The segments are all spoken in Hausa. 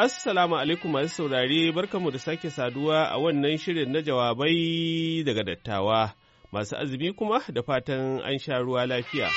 Assalamu alaikum masu saurare barkanmu da sake saduwa a wannan shirin na jawabai daga dattawa masu azumi kuma da fatan an sha ruwa lafiya.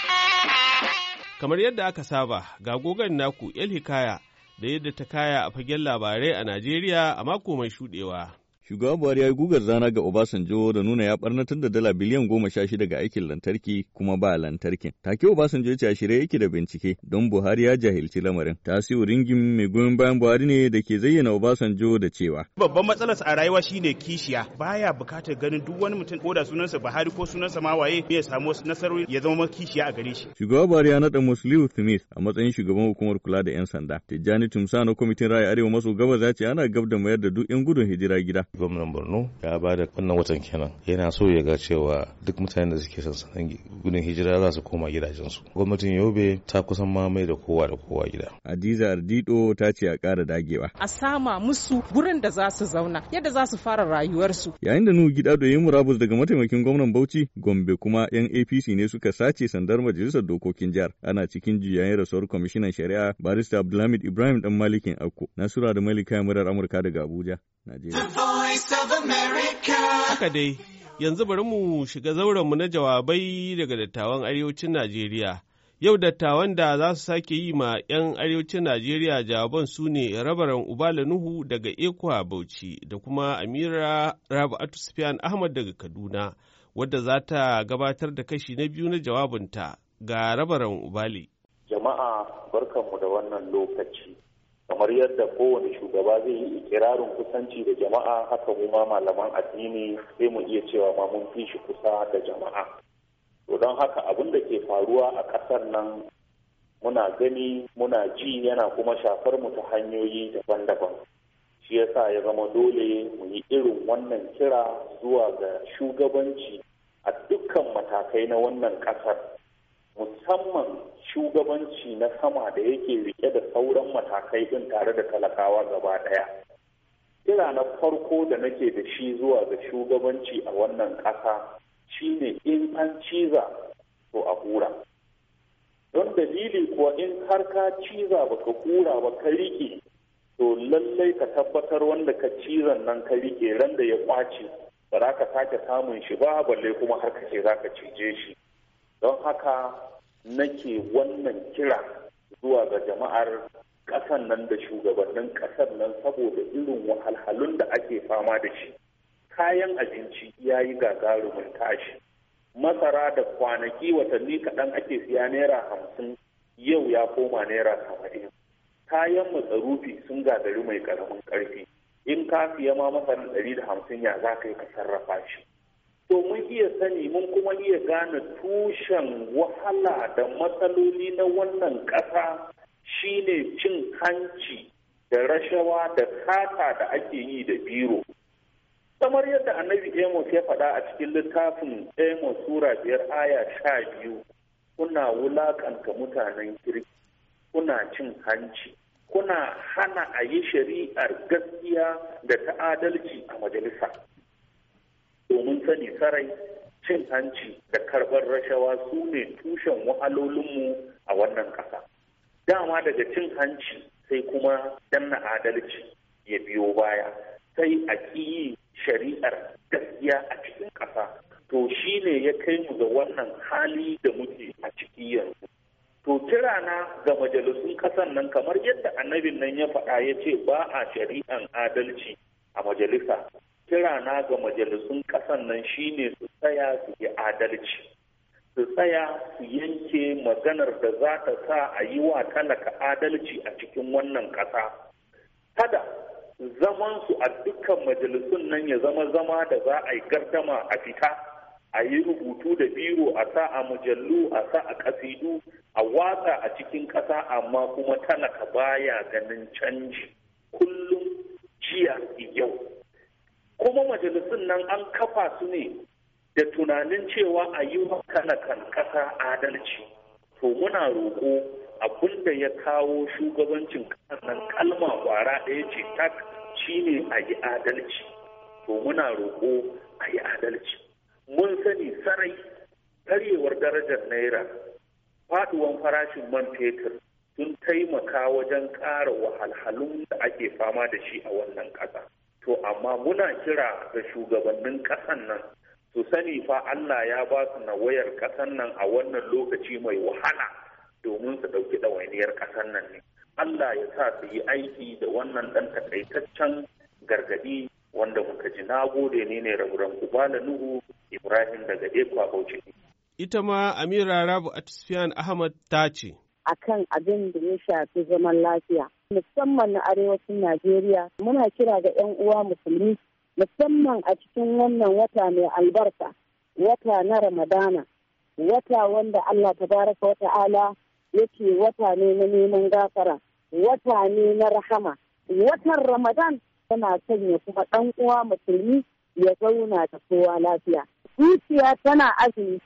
Kamar yadda aka saba ga gogon naku El Hikaya da yadda ta kaya a fagen labarai a Najeriya a mako mai shuɗewa. Shugaba Buhari ya yi gugar zana ga Obasanjo da nuna ya barnatar da dala biliyan goma sha shida ga aikin lantarki kuma ba lantarkin. Take Obasanjo ya ce a shirye yake da bincike don Buhari ya jahilci lamarin. Tasiu ringin mai goyon bayan Buhari ne da ke zayyana Obasanjo da cewa. Babban matsalarsa a rayuwa shine kishiya. Baya bukatar ganin duk wani mutum ko da sunansa Buhari ko sunansa ma waye ya samu nasarar ya zama kishiya a gare shi. Shugaba Buhari ya naɗa Musliu Thumis a matsayin shugaban hukumar kula da 'yan sanda. Tijjani Tumsa na kwamitin raya Arewa maso gabas ya ce ana gab da mayar da duk 'yan gudun hijira gida. gwamnan borno ya ba da wannan watan kenan yana so ya ga cewa duk mutanen da suke sansanin gudun hijira za su koma gidajensu gwamnatin yobe ta kusan mamaye da kowa da kowa gida adiza ardido ta ce a ƙara dagewa a sama musu gurin da za su zauna yadda za su fara rayuwarsu yayin da nuhu da ya murabus daga mataimakin gwamnan bauchi gombe kuma yan apc ne suka sace sandar majalisar dokokin jihar ana cikin jiyayen rasuwar kwamishinan shari'a barista abdulhamid ibrahim dan malikin akko nasura da malika murar amurka daga abuja Haka dai, yanzu bari mu shiga zauren mu na jawabai daga dattawan arewacin Najeriya. Yau dattawan da za su sake yi ma 'yan arewacin Najeriya jawaban su ne rabaran Ubala Nuhu daga Ekwa Bauchi da kuma Amira Rabi'atu Sufyan Ahmad daga Kaduna, wadda za ta gabatar da kashi na biyu na jawabinta ga rabaran Ubali. Jama'a barkanmu da wannan lokaci. kamar yadda kowane shugaba zai yi ikirarin kusanci da jama'a haka kuma malaman addini sai mu iya cewa ma mun fi shi kusa da jama'a to don haka abin da ke faruwa a ƙasar nan muna gani muna ji yana kuma shafar mu ta hanyoyi daban-daban shi yasa ya zama dole mu yi irin wannan kira zuwa ga shugabanci a dukkan matakai na wannan ƙasar musamman shugabanci na sama da yake rike da sauran matakai ɗin tare da talakawa gaba ɗaya. Kira na farko da nake da shi zuwa ga shugabanci a wannan ƙasa shine in an ciza to a hura. Don dalili kuwa in har ka ciza baka hura ba ka rike, to lallai ka tabbatar wanda ka cizan nan ka rike, ran da ya ƙwace ba za ka sake samun shi ba balle kuma har ka ce za ka cije shi. don haka nake wannan kira zuwa ga jama'ar ƙasan nan da shugabannin ƙasar nan saboda irin wahalhalun da ake fama da shi kayan abinci ya yi gagarumin tashi masara da kwanaki watanni kaɗan ake siya naira hamsin yau ya koma naira saba'in kayan matsarufi sun gagari mai ƙaramin ƙarfi in ka siya ma masarar ɗari da hamsin ya za ka yi ka sarrafa shi to mun iya sani mun kuma iya gane tushen wahala da matsaloli na wannan ƙasa shine cin hanci da rashawa da kata da ake yi da biro kamar yadda annabi amos ya faɗa a cikin littafin amos sura biyar aya sha biyu kuna wulaƙanta mutanen kirki kuna cin hanci kuna hana a yi shari'ar gaskiya da ta'adalci a majalisa domin sani sarai cin hanci da karɓar rashawa su ne tushen wahalolinmu a wannan ƙasa. Dama daga cin hanci sai kuma danna adalci ya biyo baya sai a ƙiyi shari'ar gaskiya a cikin ƙasa. To shi ne ya kai mu ga wannan hali da muke a ciki yanzu. To kirana ga majalisun ƙasan nan kamar yadda annabin nan ya faɗa ya ce ba a shari'an adalci a majalisa kirana ga majalisun ƙasan nan shine su tsaya su yi adalci su tsaya su yanke maganar da za ta sa a yi wa talaka adalci a cikin wannan ƙasa kada zaman su a dukkan majalisun nan ya zama zama da za a yi gardama a fita a yi rubutu da biro a sa a mujallu a sa a kasidu a watsa a cikin ƙasa amma kuma talaka baya ganin canji kullum jiya yau kuma majalisun nan an kafa su ne da tunanin cewa a yi wa ƙasa adalci to muna roƙo abin da ya kawo shugabancin ƙasar nan kalma kwara ɗaya ce tak shi ne a yi adalci to muna roƙo a yi adalci mun sani sarai karyewar darajar naira faduwan farashin man fetur sun taimaka wajen ƙara wahalhalun da ake fama da shi a wannan ƙasa to amma muna kira ga shugabannin ƙasan nan su sani fa Allah ya ba su na wayar ƙasan nan a wannan lokaci mai wahala domin su ɗauki ɗawainiyar ƙasan nan ne Allah ya sa su yi aiki da wannan ɗan takaitaccen gargaɗi wanda muka ji na gode ne ne kuba da nuhu ibrahim daga ekwa bauchi ita ma amira rabu atisfiyan ahmad ta ce akan abin da ya shafi zaman lafiya musamman na arewacin najeriya muna kira ga 'yan uwa musulmi musamman a cikin wannan wata mai albarka wata na ramadana wata wanda allah tabaraka ala ya ce wata ne na neman gafara wata ne na rahama watan ramadan tana sanya kuma ɗan uwa musulmi ya zauna da kowa lafiya zuciya tana azumi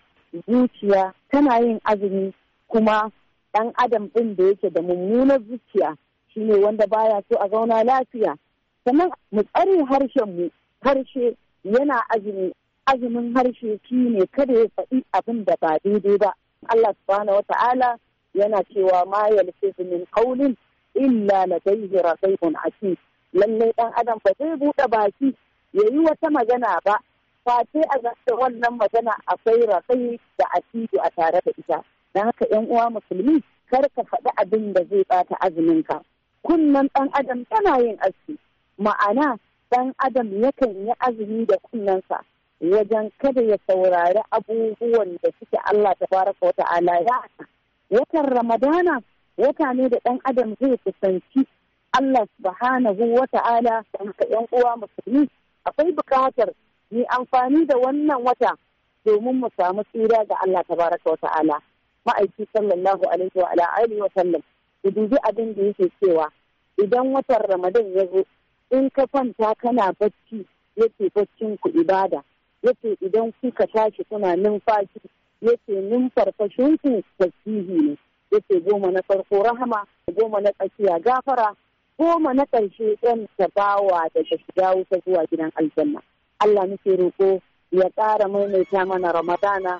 zuciya tana yin azumi kuma ɗan adam ɗin da yake da mummunar zuciya shine wanda baya so a zauna lafiya sannan mu tsare harshen mu harshe yana azumi azumin harshe shi ne kada ya faɗi abin da ba daidai ba Allah subhanahu wata'ala yana cewa ma yalfizu min qawlin illa ladayhi raqibun atid lallai ɗan adam ba zai buɗe baki yayi wata magana ba face a zance wannan magana akwai raƙai da atidu a tare da ita da haka yan uwa musulmi kar ka faɗi abin da zai bata azumin ka. Kunnan ɗan adam tana yin aski ma'ana ɗan adam yakan yi azumi da kunnensa wajen kada ya saurari abubuwan da suke Allah ta baraka wa ta'ala ya watan ramadana wata ne da ɗan adam zai kusanci Allah subhanahu wa ta'ala da yan uwa musulmi akwai bukatar yi amfani da wannan wata domin mu samu tsira ga Allah tabaraka wa ta'ala ma'aiki sallallahu alaihi wa alihi wa sallam ku dubi abin da yake cewa idan watan ramadan ya zo in ka kwanta kana bacci yake baccin ku ibada yake idan kuka tashi kuna numfashi yake numfarfashin ku tasihi ne yake goma na farko rahama goma na tsakiya gafara goma na ƙarshe ɗan tabawa da ta shiga wuta zuwa gidan aljanna Allah muke roƙo ya ƙara maimaita mana Ramadana